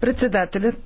Председателят